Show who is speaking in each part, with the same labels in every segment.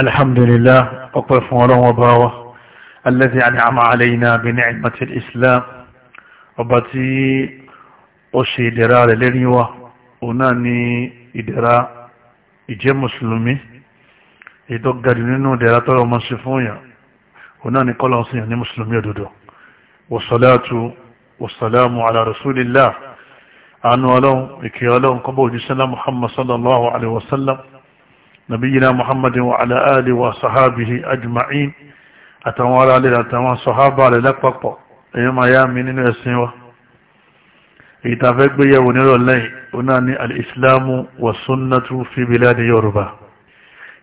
Speaker 1: alhamdulillah ọpẹ́ fún ọlọ́wọ́ bá wá alẹ́sẹ̀ àníhàmà alayna bí ní ni'matil islam ọba tí ó ṣe ìdẹ̀ra rẹ̀ lérí wa òun náà ni ìdẹ̀ra ìjẹ́ mùsùlùmí èyí tó gàdì nínú ìdẹ̀ra tọ́rọ ọmọ sí fún yà òun náà ni kọ́lọ̀ sí yàn ní mùsùlùmí òdodo wasalaatu wasalaamu ala rasulillah anu ọlọ́run ìkẹ́ ọlọ́run kọ́bọ̀ òjísẹ́lá muhammad sallallahu alaihi wasallam نبينا محمد وعلى آله وصحابه أجمعين أتوارى للأتوان صحابة للأقفق أيما يامين يسنوا ìtàfẹ́gbé yẹ̀wò nírọ̀ lẹ́yìn ó náà ní al'islamu wa sunnatu fi biladi yorùbá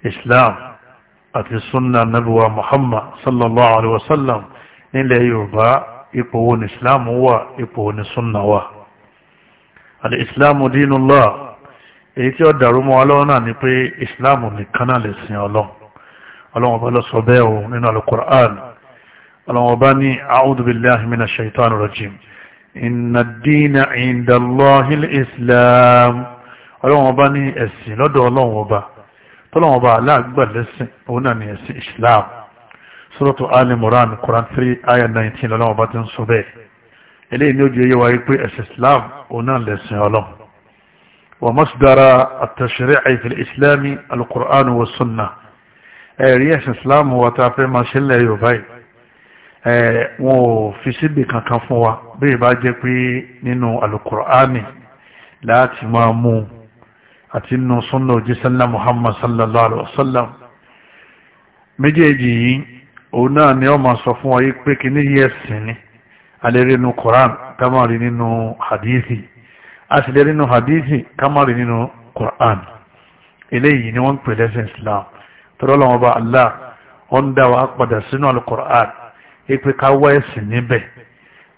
Speaker 1: islam àti sunna nabuwa muhammad sallallahu alaihi wasallam nílẹ̀ yorùbá ipò wọn islam wà ipò wọn sunna wà al'islamu dínúlá èyí tí ó dàrú mọ́ ọlọ́run náà ni pé islam nìkan náà lè sin ọlọ́run ọlọ́run ọba ló sọ bẹ́ẹ̀ o nínú alukur'an ọlọ́run ọba ní a'udhu billahi minash shaitanir rajim inna dina inda allahil islam ọlọ́run ọba ní ẹ̀sìn lọ́dọ̀ quran 3 ayah 19 ọlọ́run ọba ti ń sọ bẹ́ẹ̀ eléyìí ni ó jẹ́ yẹ wáyé pé islam òun náà lẹ̀sìn ọlọ́run ومصدر التشريع في الإسلام القرآن والسنة رياش الإسلام هو تعفي ما شلة يباي wọ́n fi síbì kankan fún wa bí ìbá jẹ́ pé nínú alukur'ani láti máa mú àti nínú súnnà òjísánlá muhammad sallallahu alaihi wasallam méjèèjì yìí òun náà ni ọ ma sọ fún wa yí pé kí ní yẹ́sìn ní alẹ́rẹ́ nínú koran tamari nínú hadithi a sì lè rí nínú hadithi kamari nínú Qur'an eléyìí ni wọ́n ń pè lẹ́sìn Islam tọ́lọ́ lọ́wọ́ bá Allah ó ń dá wa padà sínú al-Qur'an ipe ká wá ẹ̀sìn níbẹ̀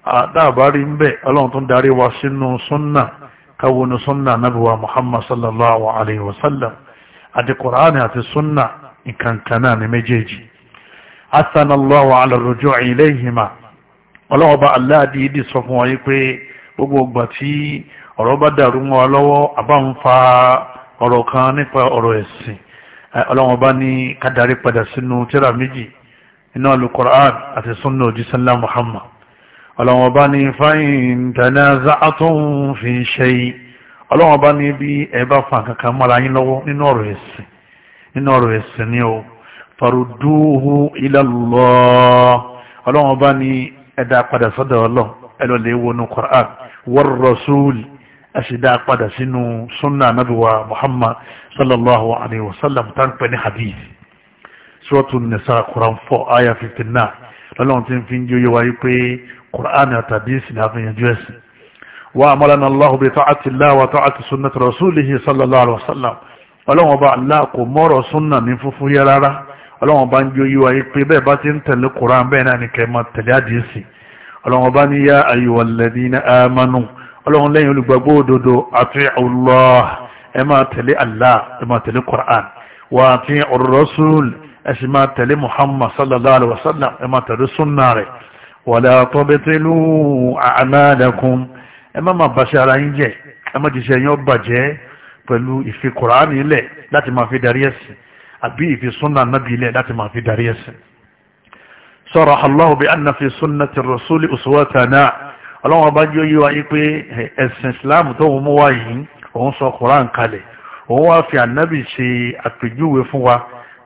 Speaker 1: àdáàbárí níbẹ̀ ọlọ́run tó ń darí wa sínú sunna káwọn ní sunna anábìwa Muhammad sallallahu alayhi wa sallam àti Qur'an àti sunna nǹkankan náà méjèèjì gbogbo ọgbà tí ọ̀rọ̀ bá dàrú mọ́ wa lọ́wọ́ àbá ń fa ọ̀rọ̀ kan nípa ọ̀rọ̀ ẹ̀sìn ọlọ́wọ́n bá ní kádàrí padà sínú tíra méjì iná alukur'an àti sunna òjísánlá muhammad ọlọ́wọ́n bá ní fáyín tẹ̀lé za'atún fi ṣe ọlọ́wọ́n bá ní bí ẹ padà sọ́dọ̀ ọlọ́ ẹlọ́lẹ́wọ́nú kur'an war rasul ẹ̀sìdá padà sínú súnà anábíwa muhammad sallallahu alayhi wa sallam tá ń pè ní hadith suratul nisa quran 4 aya 59 lọ́lọ́run tí ń fi ń jí oyé wáyé pé quran àti hadith ni a fi yanjú ẹ̀sìn wa amalana allahu bi ta'ati allah wa ta'ati sunnati rasulihi sallallahu alayhi wa sallam ọlọ́run ọba allah kò mọ́rọ̀ súnà ní funfun yẹ rárá ọlọ́run ọba ń jí oyé wáyé pé bẹ́ẹ̀ bá ti ń tẹ̀lé quran bẹ́ẹ̀ náà ni kẹ́ máa tẹ̀lé hadith ọlọ́run ọba ní yá ayyuhalladhina amanu ọlọ́run lẹ́yìn olùgbàgbọ́ òdodo àti Allah ẹ máa tẹ̀lé Allah ẹ máa tẹ̀lé Qur'an wà àti ar-Rasul ẹ sì máa tẹ̀lé Muhammad sallallahu alaihi wa sallam ẹ máa tẹ̀lé sunna rẹ̀ wala tubtilu a'malakum ẹ má máa bàṣẹ ara yín jẹ́ ẹ má jìṣẹ́ yín ó bàjẹ́ pẹ̀lú ìfi Qur'an ilẹ̀ láti máa fi darí ẹ̀sìn àbí ìfi sunna nábì ilẹ̀ láti máa fi darí ẹ̀sìn. Saraha Allahu bi anna fi sunnati ar-Rasuli ọlọ́wọ́n bá jí ó yí wáyé pé ẹ̀sìn islam tó mú wá yìí òun sọ koran kalẹ̀ òun wá fi ànábì ṣe àpèjúwe fún wa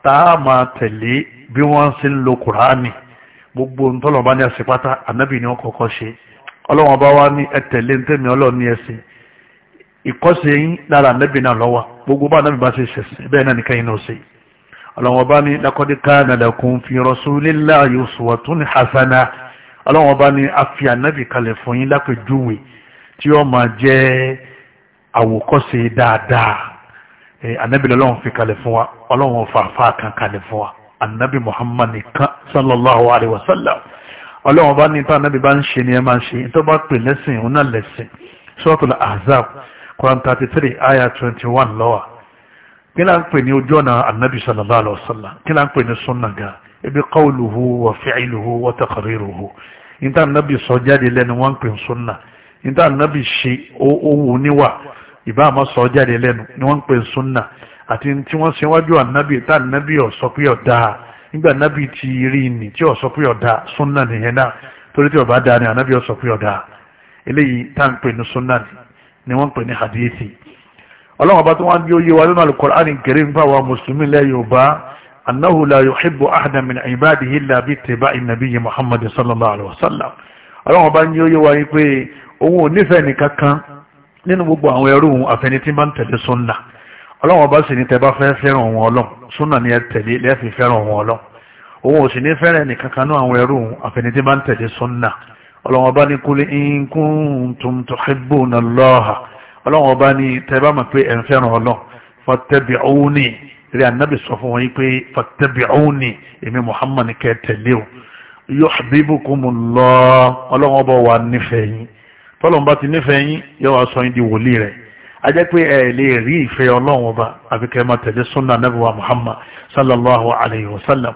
Speaker 1: tá a máa tẹ̀lé bí wọ́n ṣe ń lo korani gbogbo ntọ́lọ̀ bá ní ẹsẹ̀ pátá ànábì ni wọ́n kọ́kọ́ ṣe ọlọ́wọ́n bá wá ní ẹtẹ̀lé ntẹ́mi ọlọ́ọ̀ ní ẹsẹ̀ ìkọ́sẹ̀ yín lára ànábì náà lọ́wọ́ gbogbo bá ànábì bá ṣe ṣẹ̀ṣẹ̀ bẹ́ẹ̀ náà nìkan yín náà ṣe ọlọ́wọ́n bá ní laqad kana lakum fi rasulillahi uswatun hasana ọlọ́run ọba ni a fi ànábì kalẹ̀ fún yín lápèjúwe tí ó máa jẹ́ àwòkọ́ṣe dáadáa ànábì lọ́lọ́run fi kalẹ̀ fún wa ọlọ́run fàáfà kan kalẹ̀ fún wa ànábì muhammad nìkan sallallahu alayhi wa sallam ọlọ́run ọba ní ìtàn ànábì bá ń ṣe ni ẹ máa ń ṣe ìtọ́ bá pè lẹ́sìn òun náà lẹ́sìn suratul ahzab quran thirty three ayah twenty one lọ́wọ́ kí láà ń pè ní ojú ọ̀nà ànábì sallallahu alayhi wa sallam kí láà ń pè ní sunna gan ebi qawluhu wa fi'luhu wa taqriruhu níta nàbì sọ jáde lẹ́nu wọ́n ń pè sunna níta nàbì ṣe owó níwà ìbá àmọ́ sọ jáde lẹ́nu ni wọ́n ń pè sunna àti tí wọ́n ṣe wájú ànábì tá ànábì ọ̀sọ́ pé ọ̀dà nígbà ànábì ti rí ni tí ọ̀sọ́ pé ọ̀dà sunna nìyẹn náà torí tí ọba da ni ànábì ọ̀sọ́ pé ọ̀dà eléyìí tá à ń pè ní sunna ni wọ́n ń pè ní hadithi ọlọ́wọ́n bá tó wá ń bí ó yé wa nínú Al-Qur'an Karim fáwọn mùsùlùmí lẹ́yìn ọba annahu la yuhibbu ahadan min ibadihi illa bi ittiba'i nabiyyi muhammad sallallahu alaihi wasallam ọlọ́run bá ń yí ó yé wa yí pé òun ò nífẹ̀ẹ́ nìkankan nínú gbogbo àwọn ẹrú òun àfẹni tí bá ń tẹ̀lé sunna ọlọ́run ọba sì ní tẹ bá fẹ́ fẹ́ràn òun ọlọ́run sunna ni ẹ tẹ̀lé lẹ́ẹ̀fì fẹ́ràn òun ọlọ́run òun ò sì ní fẹ́ràn nìkankan nínú àwọn ẹrú òun àfẹni tí bá ń tẹ̀lé sunna ọlọ́run ọba ní qul in kuntum tuhibbuna Allah ọlọ́run ọba ní tẹ bá mọ̀ pé ẹ̀ ń fẹ́ràn ọlọ́run fattabi'uni rí anábì sọ fún wọn yìí pé fattabi'uni èmi muhammad kẹ́ tẹ̀lé o yuhbibkumullah ọlọ́wọ́n bọ̀ wà nífẹ̀ẹ́ yín tọ́lọ́n bá ti nífẹ̀ẹ́ yín yóò wá sọ yín di wòlíì rẹ̀ a jẹ́ pé ẹ lè rí ìfẹ́ ọlọ́wọ́n bá àfi kẹ́ máa tẹ̀lé sunna anábì wa muhammad sallallahu alayhi wa sallam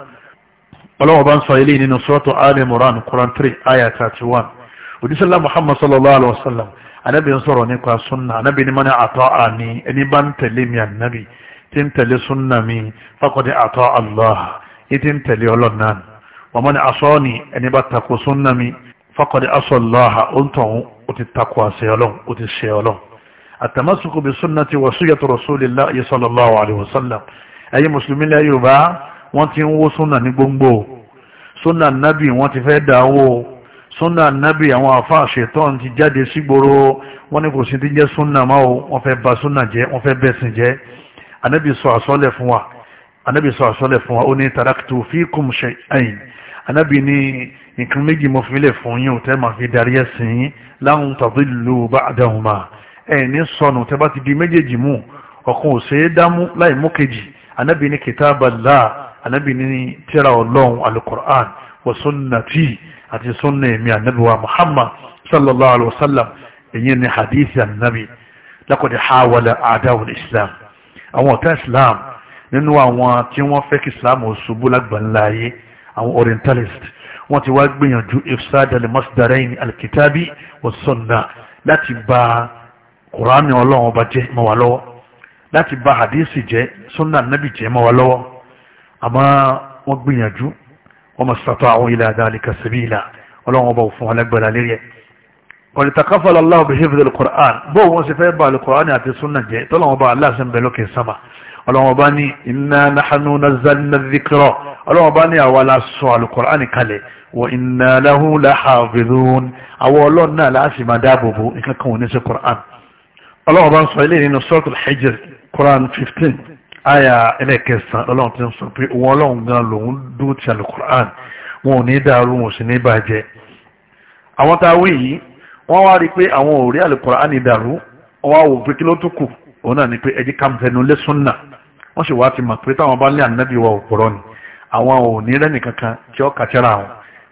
Speaker 1: ọlọ́wọ́n bá ń sọ eléyìí nínú suratu al-imran quran three ayat thirty one òdìsílá muhammad sallallahu alayhi wa sallam anábì ń sọ̀rọ̀ nípa sunna anábì ní àtọ́ àní ẹni bá ń tẹ̀lé mi ànábì tí ń tẹ̀lé súnà mi faqad ata Allah ìtí ń tẹ̀lé ọlọ́run náà wa man asani ẹni bá takò súnà mi faqad asa Allah ó ń tọ̀hún ó ti takò àṣẹ ọlọ́run ó ti ṣe ọlọ́run at-tamassuku bi sunnati wasiyyati rasulillahi sallallahu alayhi wa sallam ẹ̀yin mùsùlùmí lẹ́ yorùbá wọ́n ti ń wó súnà ní gbòǹgbò súnà nábì wọ́n ti fẹ́ dáwó súnà nábì àwọn àfáà ṣètọ́n ti jáde sígboro wọ́n ní kò sí ti jẹ́ súnà máa wọ́n fẹ́ ba súnà jẹ́ wọ́n fẹ́ bẹ̀sìn jẹ́ anabi sọ àsọlẹ̀ fún wa anabi sọ àsọlẹ̀ fún wa ó ní taraktu fikum shay'ain anabi ní nǹkan méjì mo fi lẹ̀ fún yín tẹ́ máa fi darí ẹ̀sìn yín lan tadillu ba'dahuma ẹ̀ ní sọnù tẹ́ bá ti di méjèèjì mú ọ̀kan ò ṣeé dámú láì mú kejì anabi ní kitaballah anabi ní tírà ọlọ́run alukur'an wa sunnati àti sunna èmi anabi wa muhammad sallallahu alayhi wa sallam èyí ni hadith anabi laqad hawala a'da'u islam àwọn ọ̀tá islam nínú àwọn tí wọ́n fẹ́ kí islam ó ṣubú lágbàńlá ayé àwọn orientalist wọ́n ti wá gbìyànjú ifsadal masdarain alkitabi wa sunna láti ba kùránì ọlọ́run ọba jẹ́ mọ́ wa lọ́wọ́ láti ba hadisi jẹ́ sunna nabi jẹ́ mọ́ wa lọ́wọ́ àmọ́ wọ́n gbìyànjú wọ́n mọ̀ sàtọ̀ àwọn ila dhalika sabila ọlọ́run ọba òfin alágbára lérí ẹ̀ قد تقفل الله بحفظ القرآن بو وصفه بالقرآن أتي السنة جاء طلعوا بها الله سنبلوك السماء ọlọ́wọ́n bá ní iná náhánú na zannadikirọ ọlọ́wọ́n bá ní àwọn aláṣọ alùkọ̀rán kalẹ̀ wọ iná láhún láhàbìrún àwọn ọlọ́run náà láàṣì máa dáàbòbò ìkankan wọn ní sí kọ̀rán ọlọ́wọ́n bá ń sọ 15 aya ẹlẹ́kẹsàn ọlọ́run ti ń sọ pé wọn ọlọ́run gan lòun dúró ti alùkọ̀rán wọn ò ní àwọn táwé yìí wọ́n wá rí pé àwọn òrí àlùkùránì dàrú wọ́n wá wò pé kí ló tó kù òun náà ni pé ẹjí ká fẹnu lé súnà wọ́n sì wá ti mọ̀ pé táwọn bá lé ànábì wa òpùrọ̀ ni àwọn ò ní rẹ́nì tí ó kàtẹ́ra àwọn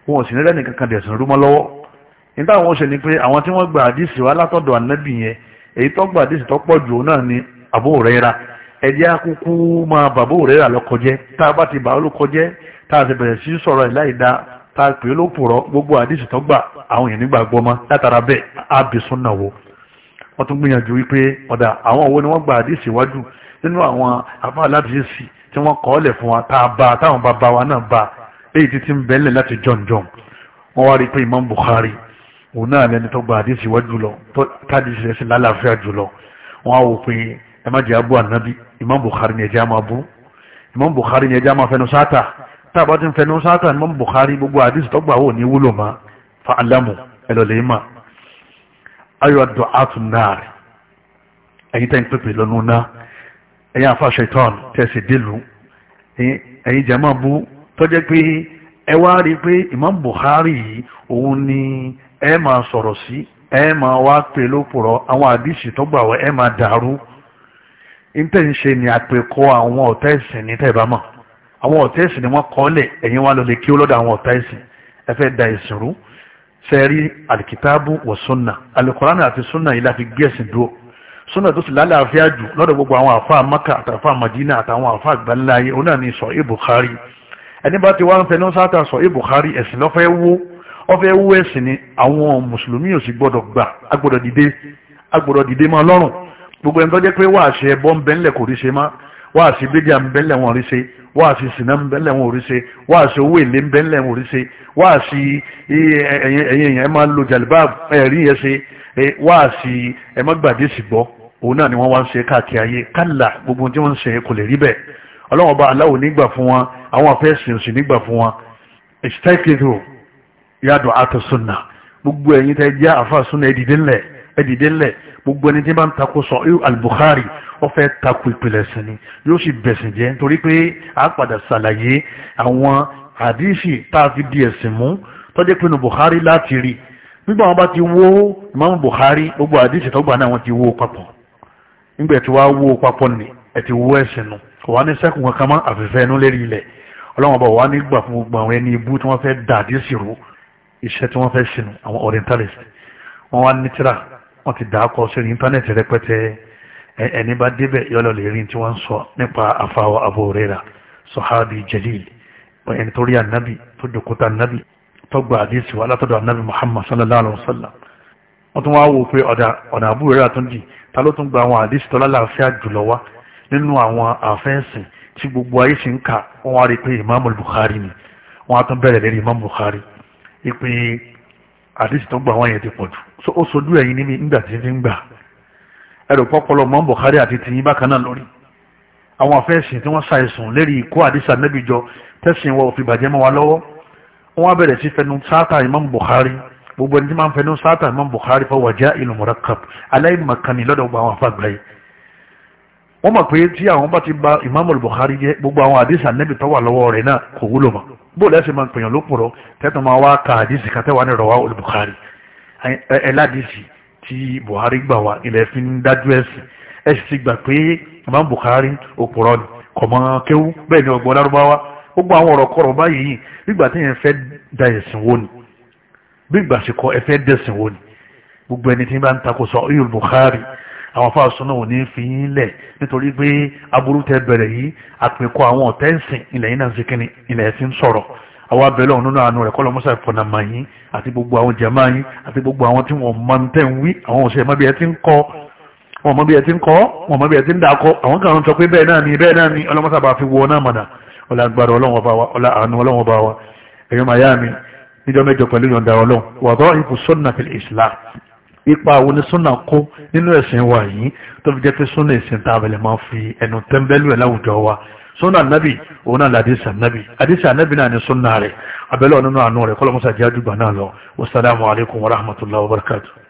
Speaker 1: wọn ò sì ní rẹ́nì dẹ̀sùn rúmọ́ lọ́wọ́ ní táwọn ṣe ni pé àwọn tí wọ́n gba àdìsí wa látọ̀dọ̀ ànábì yẹn èyí tó gba àdìsí tó pọ̀ jù náà ni Abu Huraira ẹjẹ́ a bá ti bàá lókọjẹ́ tá a ti bẹ̀rẹ̀ sí sọ̀rọ̀ ìláìda tá a pè é lópùrọ̀ gbogbo àdìsí tó àwọn èèyàn nígbàgbọ́ mọ́ látara bẹ́ẹ̀ ábí súnà wo wọ́n tún gbìyànjú wípé ọ̀dà àwọn owó ni wọ́n gba àdìsí wájú nínú àwọn àbá aládìsí tí wọ́n kọ́ ọ́lẹ̀ fún wa tá a bá táwọn bàbá wa náà bá èyí títí ń bẹ́lẹ̀ láti jọ̀njọ̀n wọ́n wá rí pé Imam Bukhari òun náà lẹni tó gba àdìsí wá jùlọ tádìsí rẹ̀ sí lálàáfíà jùlọ wọ́n á wò pé ẹ má jẹ́ abú ànábì Imam Bukhari ni ẹjẹ́ á máa bú Imam Bukhari ni ẹjẹ́ á máa fẹnu sáátà tá a bá ti ń fẹnu sáátà Imam Bukhari gbogbo àdìsí tó gbà wò ní wúlò máa fa alamu ẹlọ́lẹ̀ ma ayọ̀ àdùn àtún náà rẹ̀ ẹ̀yin tẹ́yìn pépè lọ́nu náà ẹ̀yin àfàṣẹ tán tẹ̀sí délùú ẹ̀yin jẹ́ máa bú Imam ni ẹ ma soro si ẹ ma wa pè lópùrọ̀ àwọn àdìsí tó gbà wọ ẹ máa dàrú ntẹ̀ se ni àpèkọ́ àwọn ọ̀tá ẹ̀sìn ní tẹ̀ bá mọ̀ àwọn ọ̀tá ẹ̀sìn ni wọ́n kọ́ lẹ̀ ẹ̀yin wá lọ lè da ẹ̀sìn sẹ́rí alikitaabu wa sunna alukurani àti sunna yìí láti gẹ̀ẹ́sì dúró sunna tó sì lálàáfíà jù lọ́dọ̀ gbogbo àwọn àfa maka àtàfà madina àtàwọn àfa àgbáńlá yìí òun náà ni sọ é bukhari ẹni bá ti wá ń fẹnu sáta sọ é bukhari ẹ̀sìn lọ́fẹ́ wó ọfẹ́ wó ẹ̀sìn ni àwọn mùsùlùmí ò sì gbọ́dọ̀ gbà agbọ́dọ̀ dìde agbọ́dọ̀ dìde máa lọ́rùn gbogbo ẹni tó jẹ́ pé wàá ṣe ẹbọ bẹ́ńlẹ̀ kò rí ṣe máa wáàsí bídíà ń bẹ́lẹ̀ wọn rí ṣe wáàsí sinna ń bẹ́lẹ̀ wọn rí ṣe wáàsí owó èlé ń bẹ́lẹ̀ wọn rí ṣe wáàsí ẹ̀yìn èèyàn ẹ máa lo jàlùbá ẹ̀rí yẹn ṣe wáàsí ẹ má gbàdé sì gbọ́ òun náà ni wọ́n wá ń ṣe káàkiri ayé kálà gbogbo tí wọ́n ń ṣe kò lè rí bẹ́ẹ̀ ọlọ́wọ́n bá aláwo nígbà fún wọn àwọn afẹ́sìn òsì nígbà fún wọn ìṣítẹ́kìtò yàtọ̀ àtọ̀sùnà gbogbo ẹ̀yin tẹ́ jẹ́ àfàsùnà ẹ̀dìdínlẹ̀ ẹ̀dìdẹ́ lẹ̀ gbogbo ẹni tí bá ń takò sọ yóò al-Bukhari ó fẹ́ takò ìpìlẹ̀ ẹ̀sìn ni yóò sì bẹ̀sìn jẹ́ torí pé a padà ṣàlàyé àwọn àdíṣì tá a fi di ẹ̀sìn mú tọ́jú pinnu Bukhari láti rí nígbà wọn bá ti wó Imam Bukhari gbogbo àdíṣì tọ́gbà náà wọ́n ti wó papọ̀ nígbà tí wàá wó papọ̀ ni ẹ̀ ti wó ẹ̀sìn nu kò wá ní sẹ́kùn kankan mọ́ àfẹ́fẹ́ inú lérí ilẹ̀ ọlọ́wọ́n bá wà nígbà fún gbogbo àwọn ẹni ibú tí wọ́n fẹ́ dà àdíṣì rú iṣẹ́ tí wọ́n fẹ́ sínú àwọn orientalist wọ́n wá ní tíra wọ́n ti dàákọ́ sórí íńtánẹ́ẹ̀tì rẹpẹtẹ ẹni bá débẹ̀ yọ́lọ̀ lè rí tí wọ́n ń sọ nípa àfàwọ̀ Abu Huraira sọ̀hábì jalil ẹni tó rí ànábì tó jòkóta ànábì tó gba àdísì wà látọ̀dọ̀ ànábì Muhammad sallallahu alaihi wa sallam wọ́n tún wá wò pé ọ̀nà Abu Huraira tó ń jì ta ló tún gba àwọn àdìsí tó ń gbà wọ́n yẹn ti pọ̀ jù ó sojú ẹ̀yìn níbi ńgbà tí fi ń gbà ẹ̀rọ pọ́pọ́lọ mọ́ Bukhari àti tìyín bákan náà lórí àwọn afẹ́sìn tí wọ́n ṣàìsùn lérí ikú àdìsá nẹ́bí jọ tẹ̀sìn wọ òfin bàjẹ́ mọ́ wa lọ́wọ́ wọ́n á bẹ̀rẹ̀ sí fẹnu sáátà Imam Bukhari gbogbo ẹni tí máa ń fẹnu sáátà Imam Bukhari fọwọ́ jẹ́ ìlú mọ̀rẹ́kàp aláìmọ̀kànnì lọ́dọ̀ gbogbo àwọn afágbáyé wọ́n mọ̀ pé tí àwọn bá ti ba Imamul Bukhari jẹ́ gbogbo àwọn àdìsí ànẹ́bì tó wà lọ́wọ́ rẹ̀ náà kò wúlò mọ́ bó lẹ́sìn máa ń pèèyàn lópùrọ̀ tẹ́tàn máa wá ka àdìsí kan tẹ́wàá ní rọ̀wá olùbùkárì ẹ̀ládìsí tí Buhari gbà wá ilẹ̀ fi ń dájú ẹ̀sìn ẹ̀sìn ti gbà pé Imam Bukhari òpùrọ̀ ni kọ̀mọ́ kéwú bẹ́ẹ̀ ni ọgbọ́n lárúbáwá gbogbo àwọn ọ̀rọ̀ àwọn afá súnà ò ní fi yín lẹ̀ nítorí pé aburú tẹ bẹ̀rẹ̀ yìí àpèkọ àwọn ọ̀tẹ́ǹsìn ilẹ̀ yìí náà sí kíni ilẹ̀ ẹ̀sìn sọ̀rọ̀ àwọn abẹ́lẹ̀ ọ̀nà àánú rẹ̀ kọ́lọ̀ mọ́sà ìfọ̀nàmà yín àti gbogbo àwọn jàmáà yín àti gbogbo àwọn tí wọ́n máa ń ń wí àwọn òṣèré mọ́bí ẹ ti ń kọ́ wọ́n mọ́bí ẹ ti ń kọ́ wọ́n mọ́bí ẹ ti ń dàkọ́ àwọn kan sọ pé bẹ́ẹ̀ náà ni bẹ́ẹ̀ náà ni ọlọ́mọ́sà bá fi wọ náà mọ̀nà ọlá agbára bá wa ọlá àánú ọlọ́wọ́n bá wa ẹ̀yọ́ ipa àwọn onísúnà kó nínú ẹ̀sìn wa yìí tó fi jẹ́ pé súnà ìsìn tá a máa fi ẹnu tẹ́ńbẹ́lú ẹ̀ láwùjọ wa súnà nábì òun náà làdísà nábì àdísà nábì náà ni súnà rẹ̀ abẹ́lẹ́ ọ̀nà àánú rẹ̀ kọ́lọ́mọ́sà jẹ́ àdúgbà náà lọ wasalaamu alaykum wa rahmatullahi wa barakatuh.